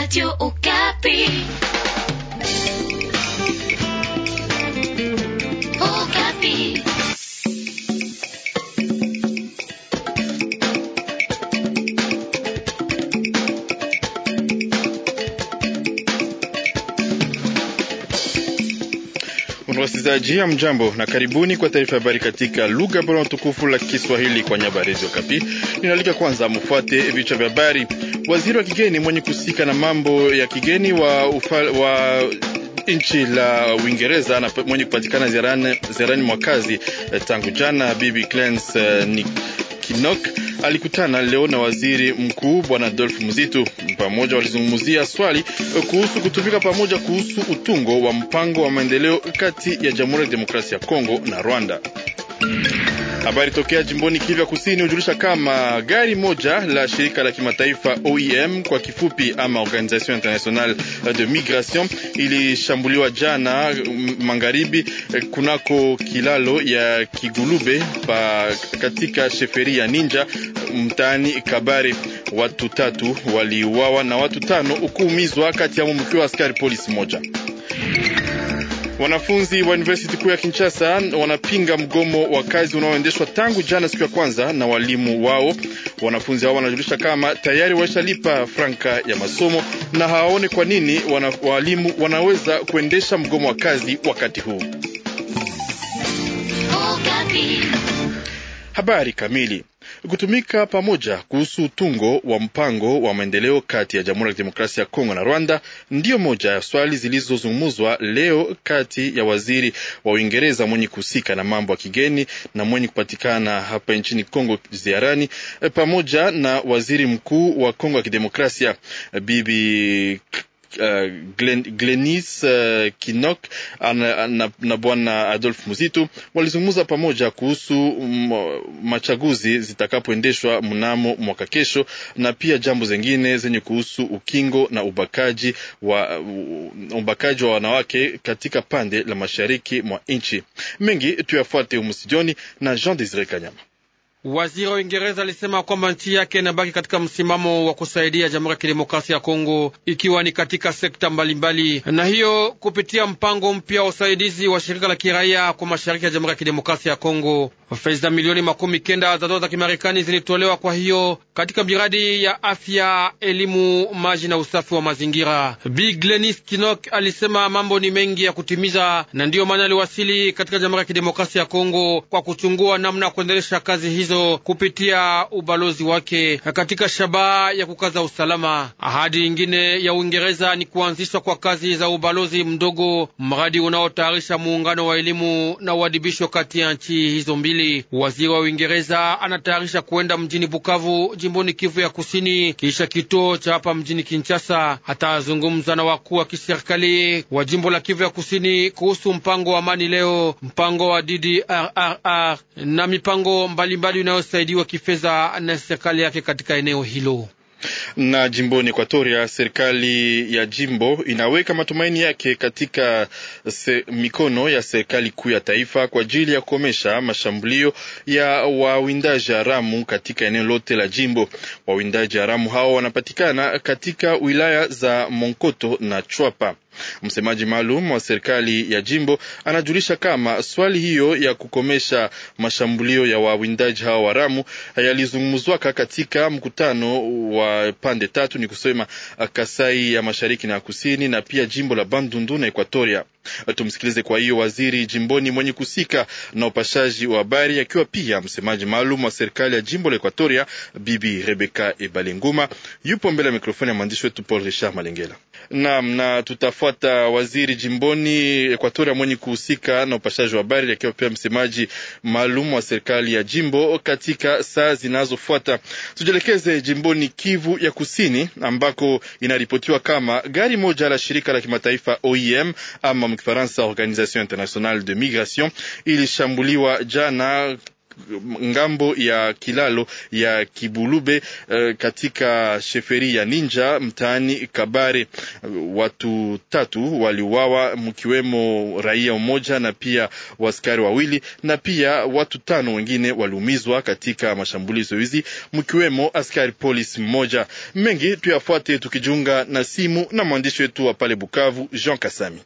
Radio Okapi. Okapi. Wasikilizaji, mjambo na karibuni kwa taarifa ya habari katika lugha bora tukufu la Kiswahili kwa nyaba Radio Okapi. Ninaalika kwanza mfuate vichwa vya habari. Waziri wa kigeni mwenye kusika na mambo ya kigeni wa, wa nchi la Uingereza na mwenye kupatikana ziarani, ziarani mwa kazi eh, tangu jana, Bibi Clarence uh, alikutana leo na waziri mkuu bwana Adolf Muzitu. Pamoja walizungumzia swali eh, kuhusu kutumika pamoja kuhusu utungo wa mpango wa maendeleo kati ya Jamhuri ya Demokrasia ya Kongo na Rwanda. Habari tokea jimboni Kivu Kusini hujulisha kama gari moja la shirika la kimataifa OIM e kwa kifupi ama Organisation Internationale de Migration ilishambuliwa jana mm, magharibi eh, kunako kilalo ya Kigulube pa katika sheferi ya Ninja eh, mtaani Kabare. Watu tatu waliuawa na watu tano ukuumizwa, kati yao mkiwa askari polisi moja. Wanafunzi wa university kuu ya Kinshasa wanapinga mgomo wa kazi unaoendeshwa tangu jana siku ya kwanza na walimu wao. Wanafunzi hao wanajulisha kama tayari washalipa franka ya masomo na hawaone kwa nini wana, walimu wanaweza kuendesha mgomo wa kazi wakati huu. Oh, Habari kamili kutumika pamoja kuhusu utungo wa mpango wa maendeleo kati ya Jamhuri ya Kidemokrasia ya Kongo na Rwanda, ndiyo moja ya swali zilizozungumzwa leo kati ya waziri wa Uingereza mwenye kuhusika na mambo ya kigeni na mwenye kupatikana hapa nchini Kongo ziarani eh, pamoja na waziri mkuu wa Kongo ya Kidemokrasia Bibi Euh, Glen, Glenis uh, Kinok na, na bwana Adolf Muzitu walizungumza pamoja kuhusu machaguzi zitakapoendeshwa mnamo mwaka kesho, na pia jambo zengine zenye kuhusu ukingo na ubakaji wa, ubakaji wa wanawake katika pande la mashariki mwa nchi. Mengi tuyafuate umusijoni na Jean Desire Kanyama. Waziri wa Uingereza alisema kwamba nchi yake inabaki katika msimamo wa kusaidia Jamhuri ya Kidemokrasia ya Kongo ikiwa ni katika sekta mbalimbali mbali, na hiyo kupitia mpango mpya wa usaidizi wa shirika la kiraia kwa mashariki ya Jamhuri ya Kidemokrasia ya Kongo. Fedha milioni makumi kenda za dola za Kimarekani zilitolewa kwa hiyo katika miradi ya afya, elimu, maji na usafi wa mazingira. Bi Glenis Kinok alisema mambo ni mengi ya kutimiza, na ndiyo maana aliwasili katika Jamhuri ya Kidemokrasia ya Kongo kwa kuchungua namna ya kuendelesha kazi hizo kupitia ubalozi wake katika shabaha ya kukaza usalama. Ahadi ingine ya Uingereza ni kuanzishwa kwa kazi za ubalozi mdogo, mradi unaotayarisha muungano wa elimu na uadibisho kati ya nchi hizo mbili mbili. Waziri wa Uingereza anatayarisha kuenda mjini Bukavu, jimboni Kivu ya Kusini, kisha kituo cha hapa mjini Kinshasa. Atazungumza na wakuu wa kiserikali wa jimbo la Kivu ya Kusini kuhusu mpango wa amani leo, mpango wa DDRRR na mipango mbalimbali inayosaidiwa kifedha na serikali yake katika eneo hilo. Na jimboni Ekuatoria, serikali ya jimbo inaweka matumaini yake katika se, mikono ya serikali kuu ya taifa kwa ajili ya kukomesha mashambulio ya wawindaji haramu katika eneo lote la jimbo. Wawindaji haramu hao wanapatikana katika wilaya za Monkoto na Chwapa. Msemaji maalum wa serikali ya jimbo anajulisha kama swali hiyo ya kukomesha mashambulio ya wawindaji hawa ramu yalizungumzwaka katika mkutano wa pande tatu, ni kusema Kasai ya mashariki na ya kusini na pia jimbo la Bandundu na Ekwatoria. Tumsikilize kwa hiyo waziri jimboni mwenye kusika na upashaji wa habari akiwa pia msemaji maalum wa serikali ya jimbo la Ekwatoria, Bibi Rebeka Ebale yupo mbele ya mikrofoni ya mwandishi wetu Paul Richard Malengela. Naam, na tutafuata Anafuata waziri jimboni Ekuatoria mwenye kuhusika na upashaji wa habari, akiwa pia msemaji maalum wa serikali ya jimbo katika saa zinazofuata. Tujielekeze jimboni Kivu ya Kusini, ambako inaripotiwa kama gari moja la shirika la kimataifa OIM e ama mkifaransa Organisation Internationale de Migration ilishambuliwa jana ngambo ya kilalo ya Kibulube uh, katika sheferi ya Ninja mtaani Kabare. Watu tatu waliuawa mkiwemo raia mmoja na pia waskari wawili na pia watu tano wengine waliumizwa katika mashambulizo hizi mkiwemo askari polisi mmoja. Mengi tuyafuate tukijiunga na simu na mwandishi wetu wa pale Bukavu Jean Kasami.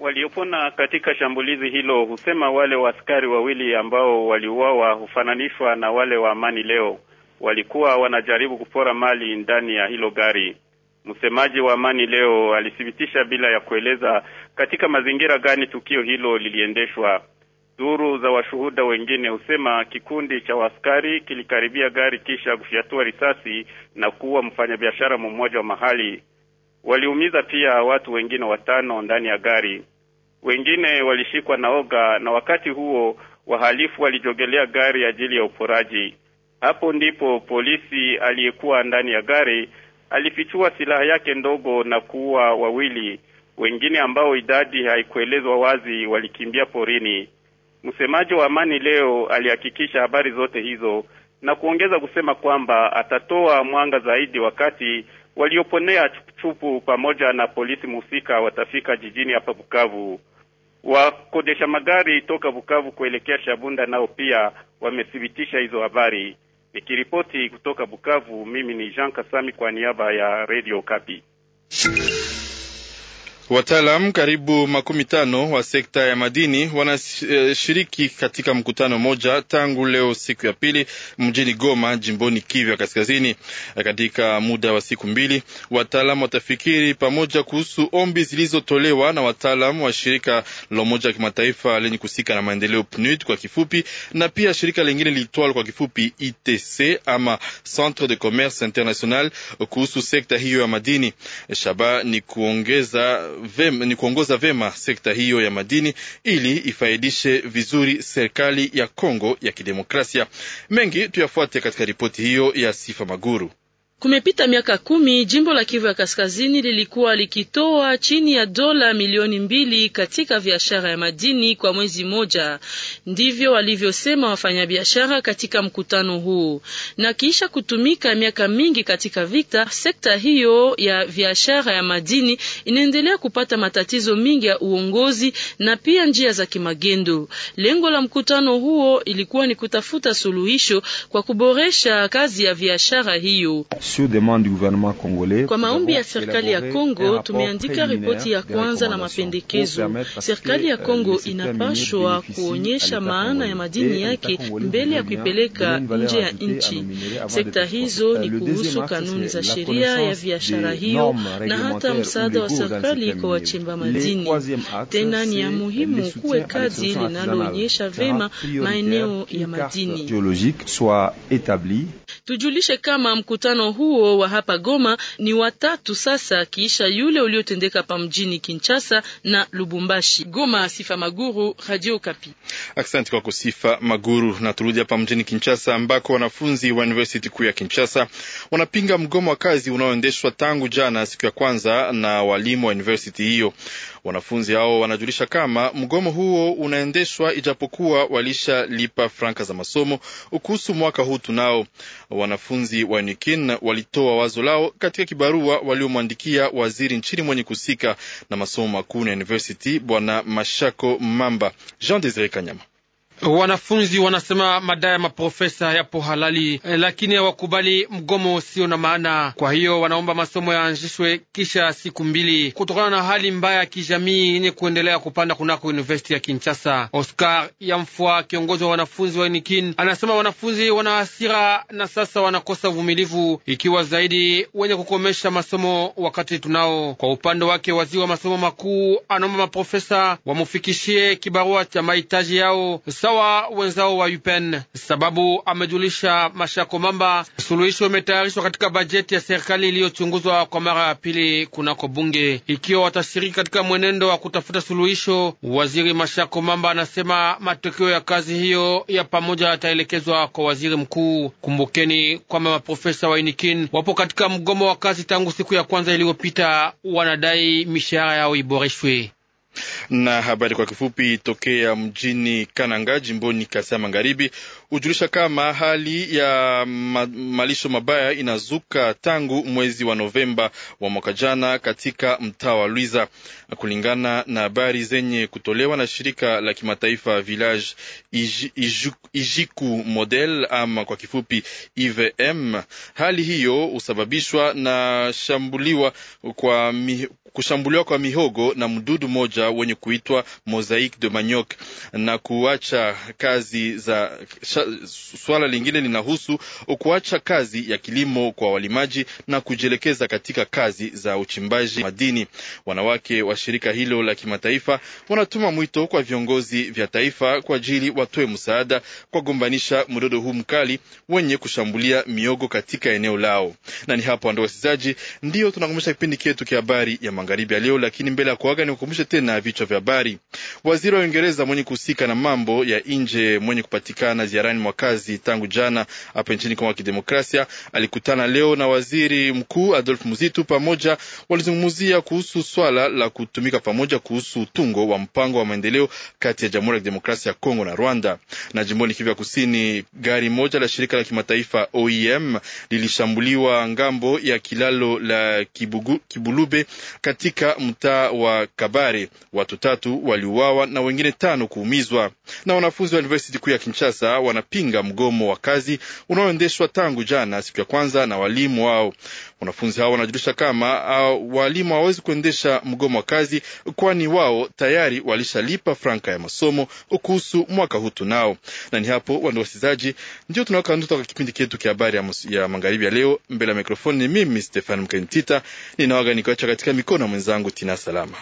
Waliopona katika shambulizi hilo husema wale waaskari wawili ambao waliuawa hufananishwa na wale wa amani leo, walikuwa wanajaribu kupora mali ndani ya hilo gari. Msemaji wa amani leo alithibitisha bila ya kueleza katika mazingira gani tukio hilo liliendeshwa. Duru za washuhuda wengine husema kikundi cha waskari kilikaribia gari kisha kufyatua risasi na kuua mfanyabiashara mmoja wa mahali. Waliumiza pia watu wengine watano ndani ya gari, wengine walishikwa na oga, na wakati huo wahalifu walijogelea gari ajili ya uporaji. Hapo ndipo polisi aliyekuwa ndani ya gari alifichua silaha yake ndogo na kuua wawili wengine ambao idadi haikuelezwa wazi walikimbia porini. Msemaji wa Amani leo alihakikisha habari zote hizo na kuongeza kusema kwamba atatoa mwanga zaidi wakati walioponea chupuchupu pamoja na polisi mhusika watafika jijini hapa Bukavu. Wakodesha magari toka Bukavu kuelekea Shabunda nao pia wamethibitisha hizo habari. Nikiripoti kutoka Bukavu, mimi ni Jean Kasami kwa niaba ya Radio Kapi. Wataalam karibu makumi tano wa sekta ya madini wanashiriki katika mkutano moja tangu leo siku ya pili mjini Goma, jimboni Kivu ya Kaskazini. Katika muda wa siku mbili, wataalam watafikiri pamoja kuhusu ombi zilizotolewa na wataalam wa shirika la Umoja wa Kimataifa lenye kusika na maendeleo PNUD kwa kifupi, na pia shirika lingine liitwalo kwa kifupi ITC ama Centre de Commerce International kuhusu sekta hiyo ya madini. Shaba ni kuongeza vema, ni kuongoza vema sekta hiyo ya madini ili ifaidishe vizuri serikali ya Kongo ya Kidemokrasia. Mengi tuyafuate katika ripoti hiyo ya Sifa Maguru. Kumepita miaka kumi jimbo la Kivu ya Kaskazini lilikuwa likitoa chini ya dola milioni mbili katika biashara ya madini kwa mwezi mmoja. Ndivyo walivyosema wafanyabiashara katika mkutano huu. Na kisha kutumika miaka mingi katika vita, sekta hiyo ya biashara ya madini inaendelea kupata matatizo mingi ya uongozi na pia njia za kimagendo. Lengo la mkutano huo ilikuwa ni kutafuta suluhisho kwa kuboresha kazi ya biashara hiyo. Kwa maombi ya serikali ya Kongo tumeandika ripoti ya kwanza na mapendekezo. Serikali ya Kongo euh, inapashwa kuonyesha maana ya madini yake mbele ya kuipeleka nje ya nchi. Sekta hizo euh, ni kuhusu kanuni za sheria ya biashara hiyo na hata msaada wa serikali kwa wachimba madini. Tena ni ya muhimu kuwe kazi linaloonyesha vema maeneo ya madini. Tujulishe kama mkutano huo wa hapa Goma ni watatu sasa, kiisha yule uliotendeka pa mjini Kinshasa na Lubumbashi. Goma, Sifa Maguru, Radio Kapi. Asante kwako Sifa Maguru. Na turudi hapa mjini Kinshasa ambako wanafunzi wa university kuu ya Kinshasa wanapinga mgomo wa kazi unaoendeshwa tangu jana siku ya kwanza na walimu wa university hiyo. Wanafunzi hao wanajulisha kama mgomo huo unaendeshwa ijapokuwa walishalipa franka za masomo kuhusu mwaka huu tunao. Wanafunzi wa Nikin walitoa wazo lao katika kibarua waliomwandikia waziri nchini mwenye kusika na masomo makuu na university Bwana Mashako Mamba Jean Desire Kanyama. Wanafunzi wanasema madai ya maprofesa yapo halali, eh, lakini hawakubali mgomo usio na maana. Kwa hiyo wanaomba masomo yaanzishwe kisha siku mbili, kutokana na hali mbaya ya kijamii yenye kuendelea kupanda kunako universiti ya Kinshasa. Oscar Yamfwa, kiongozi wa wanafunzi wa nikin anasema wanafunzi wana hasira na sasa wanakosa uvumilivu, ikiwa zaidi wenye kukomesha masomo wakati tunao. Kwa upande wake, waziri wa masomo makuu anaomba maprofesa wamufikishie kibarua cha mahitaji yao sawa wenzao wa UPEN, sababu amejulisha Mashako Mamba, suluhisho imetayarishwa katika bajeti ya serikali iliyochunguzwa kwa mara ya pili kunako bunge, ikiwa watashiriki katika mwenendo wa kutafuta suluhisho. Waziri Mashako Mamba anasema matokeo ya kazi hiyo ya pamoja yataelekezwa kwa waziri mkuu. Kumbukeni kwamba maprofesa wa Inikin wapo katika mgomo wa kazi tangu siku ya kwanza iliyopita, wanadai mishahara yao iboreshwe. Na habari kwa kifupi tokea mjini Kananga jimboni Kasai Magharibi hujulisha kama hali ya ma malisho mabaya inazuka tangu mwezi wa Novemba wa mwaka jana katika mtaa wa Luiza, kulingana na habari zenye kutolewa na shirika la kimataifa Village Ij Ijiku Model ama kwa kifupi IVM. Hali hiyo husababishwa na shambuliwa kwa kushambuliwa kwa mihogo na mdudu moja wenye kuitwa mosaic de manioc na kuacha kazi za swala lingine linahusu kuacha kazi ya kilimo kwa walimaji na kujielekeza katika kazi za uchimbaji madini. Wanawake wa shirika hilo la kimataifa wanatuma mwito kwa viongozi vya taifa kwa ajili watoe msaada kwa gombanisha mdodo huu mkali wenye kushambulia miogo katika eneo lao. Na ni hapo ando wasikilizaji, tunakomesha kipindi chetu cha habari ya magharibi ya leo, lakini mbele ya kuaga, kukumbusha tena vichwa vya habari. Waziri wa Uingereza mwenye kuhusika na mambo ya nje mwenye kupatikana ziarani mwa kazi tangu jana hapa nchini Kongo ya Kidemokrasia alikutana leo na waziri mkuu Adolf Muzitu. Pamoja walizungumzia kuhusu swala la kutumika pamoja kuhusu utungo wa mpango wa maendeleo kati ya Jamhuri ya Kidemokrasia ya Kongo na Rwanda. Na jimboni Kivu ya Kusini, gari moja la shirika la kimataifa OIM e lilishambuliwa ngambo ya kilalo la Kibugu, Kibulube katika mtaa wa Kabare. Watu tatu waliuawa kuuawa na wengine tano kuumizwa. Na wanafunzi wa university kuu ya Kinshasa wanapinga mgomo wa kazi unaoendeshwa tangu jana siku ya kwanza na walimu wao. Wanafunzi hao wanajulisha kama walimu hawawezi kuendesha mgomo wa kazi, kwani wao tayari walishalipa franka ya masomo kuhusu mwaka huu tunao. Na ni hapo wandu wasikilizaji, ndio tunaweka ndoto kwa kipindi chetu cha habari ya ya magharibi ya leo. Mbele ya mikrofoni ni mimi Stefan Mkenitita, ninawaga nikiwacha katika mikono ya mwenzangu Tina Salama.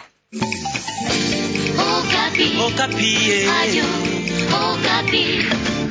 Okapi. Okapi.